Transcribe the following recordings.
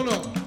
uno.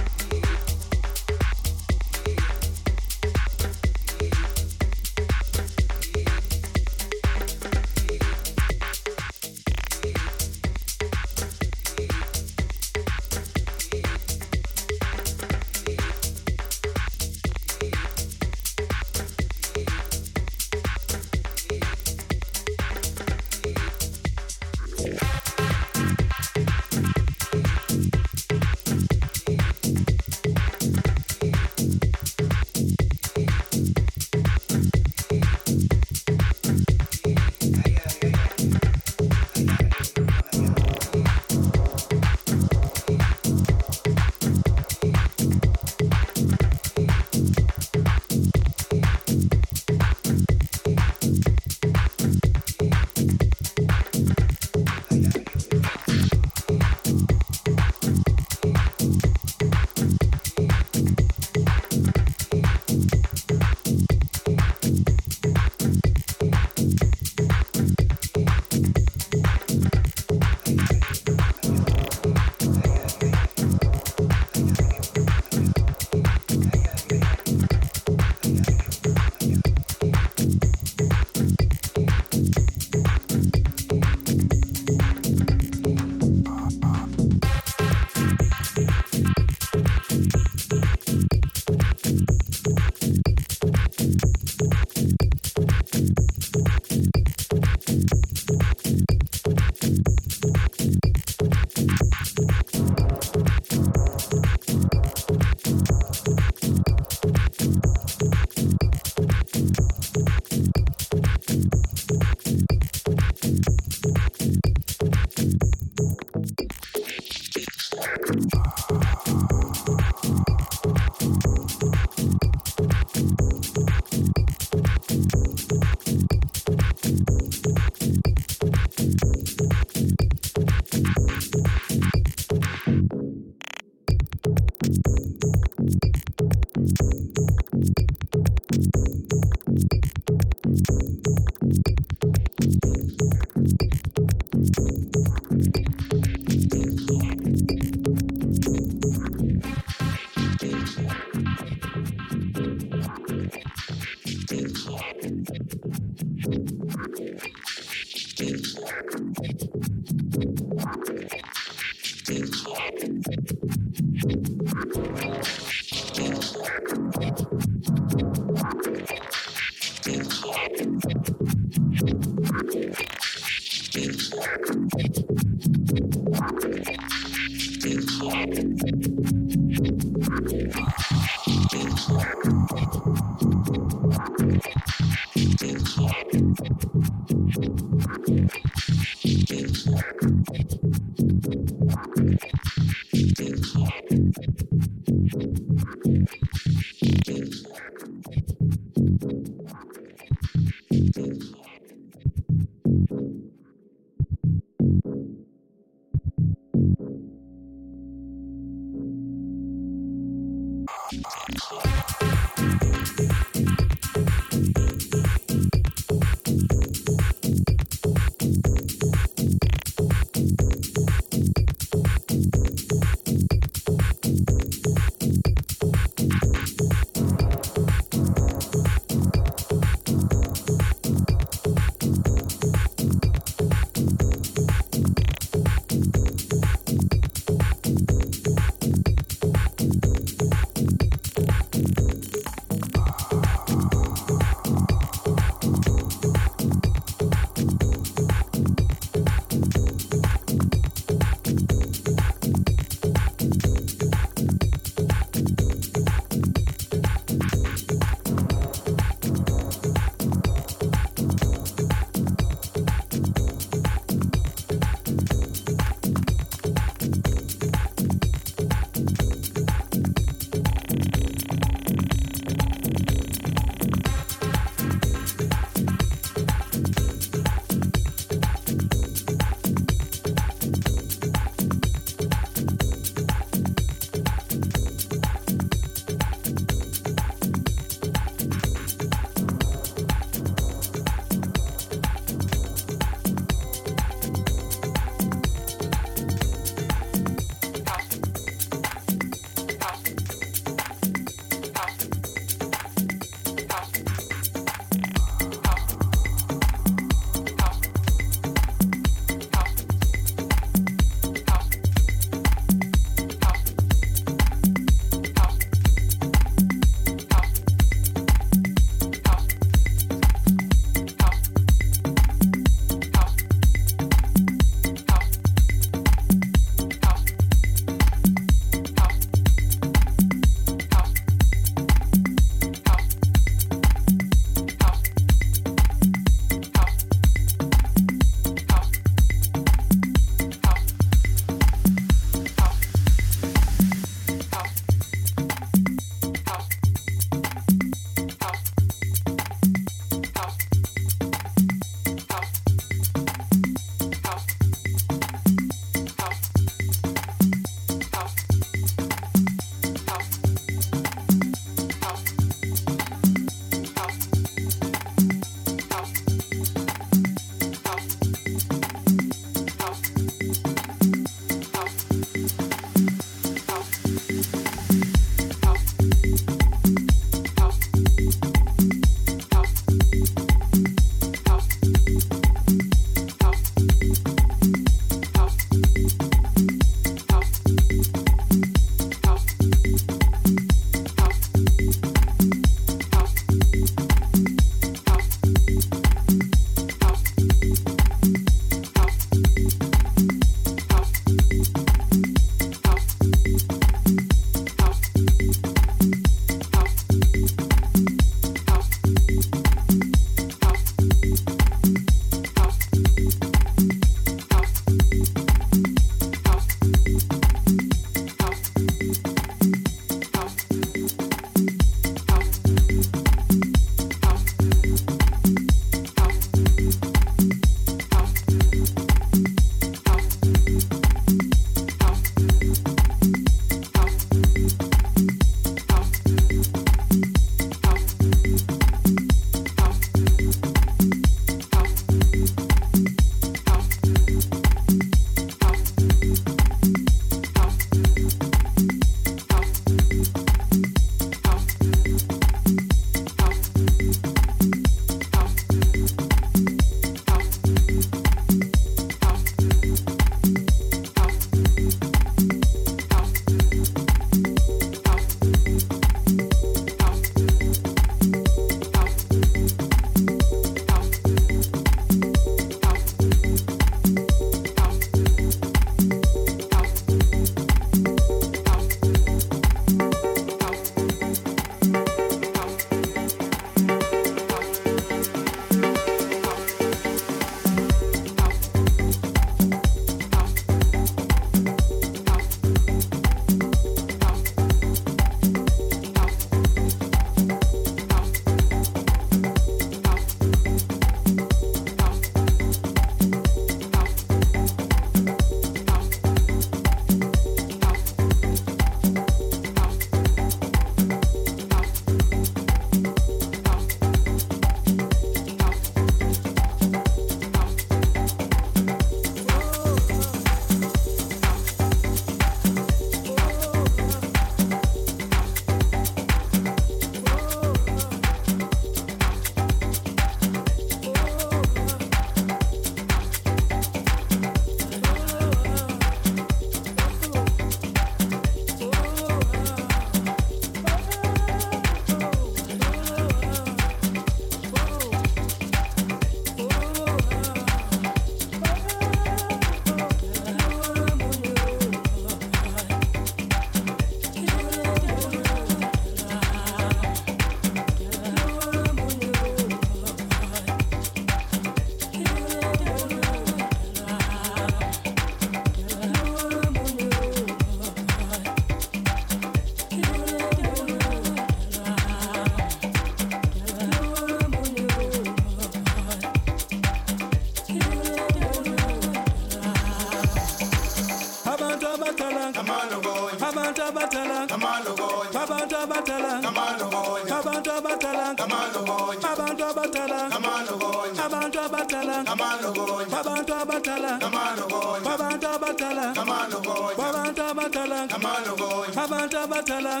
abantu abadala abantu abadala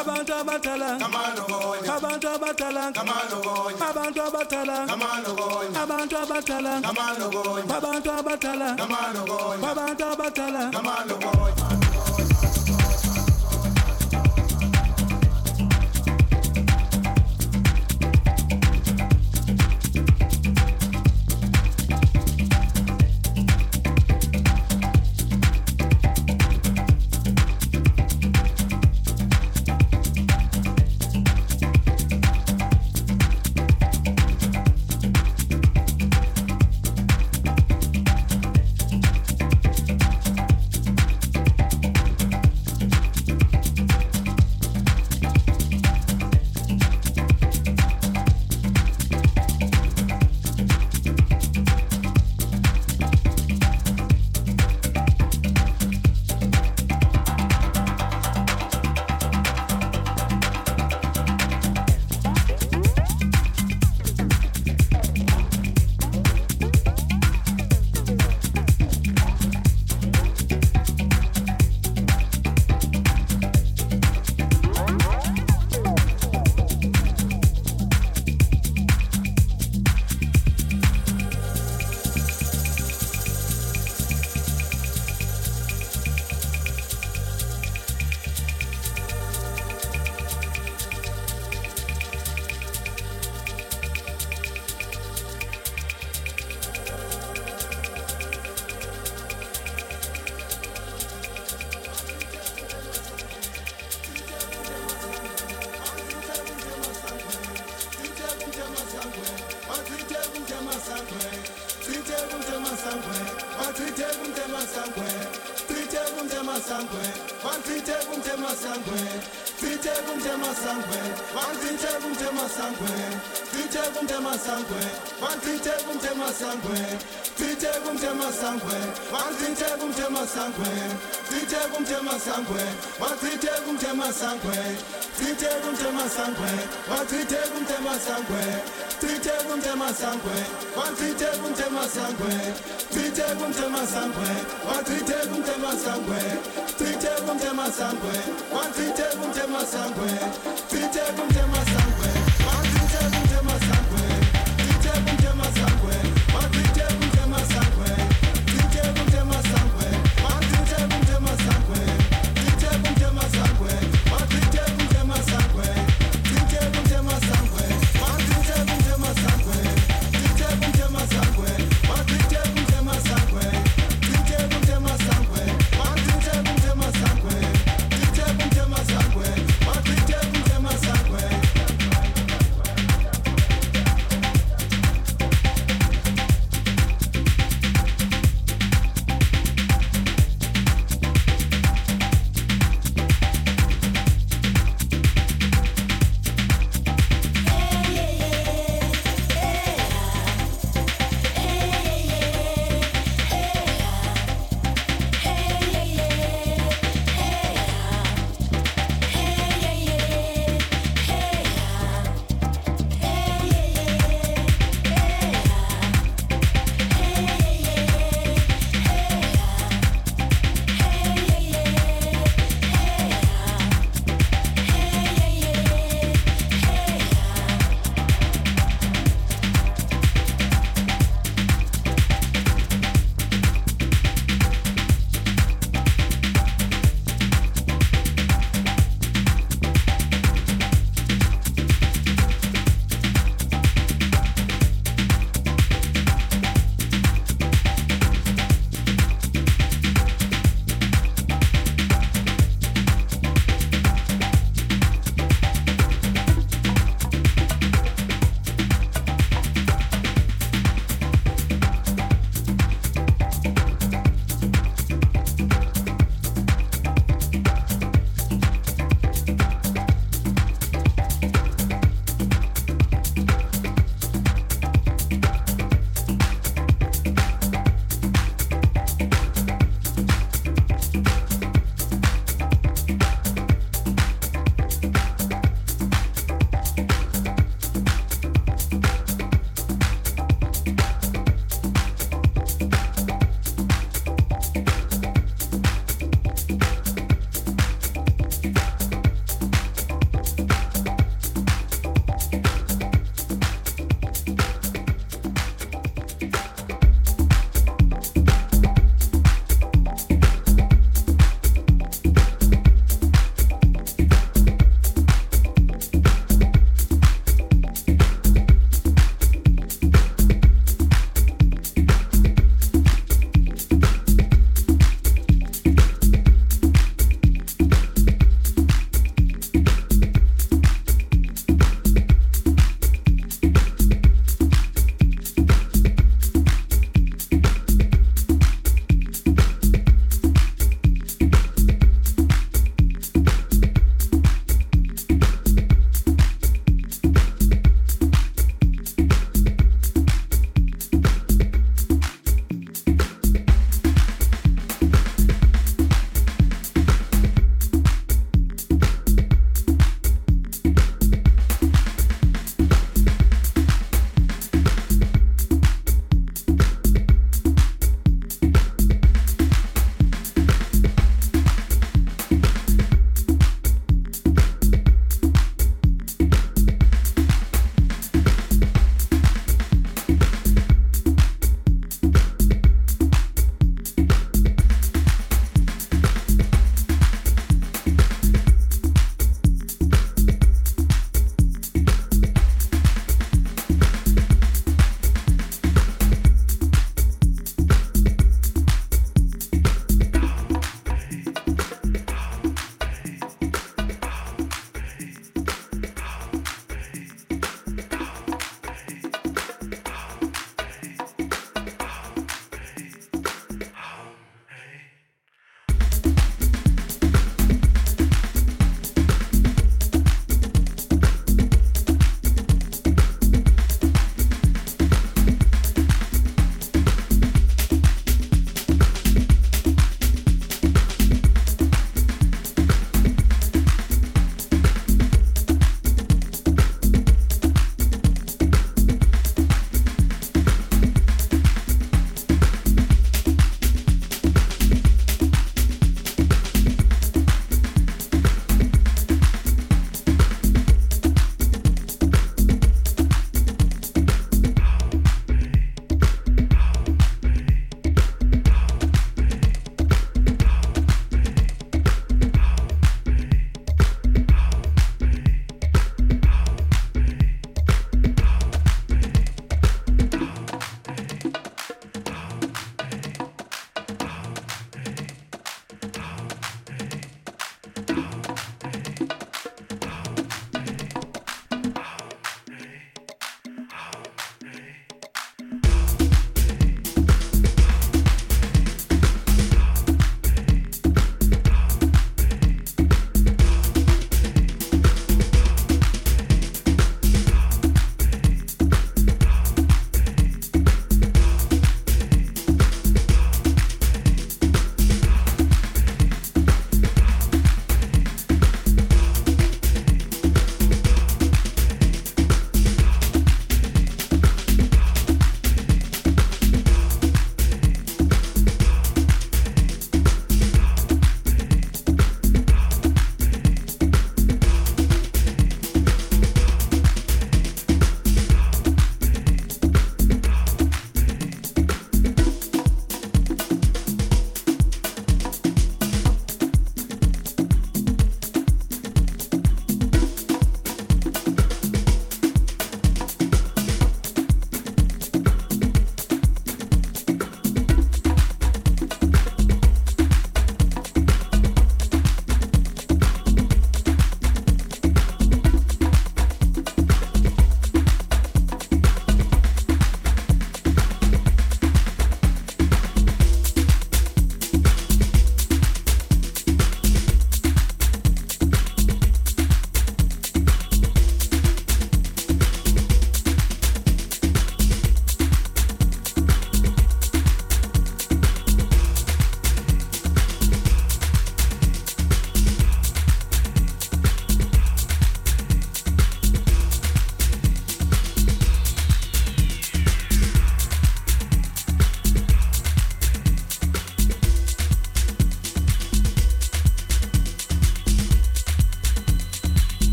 abantu abadala abantu abadala abantu abadala abantu abadala abantu abadala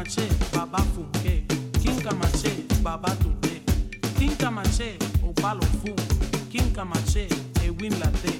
Kamache, Baba Funke, King Kamache, Baba Tunde, King Kamache, Opalo Fu, King Kamache, Ewin Latte.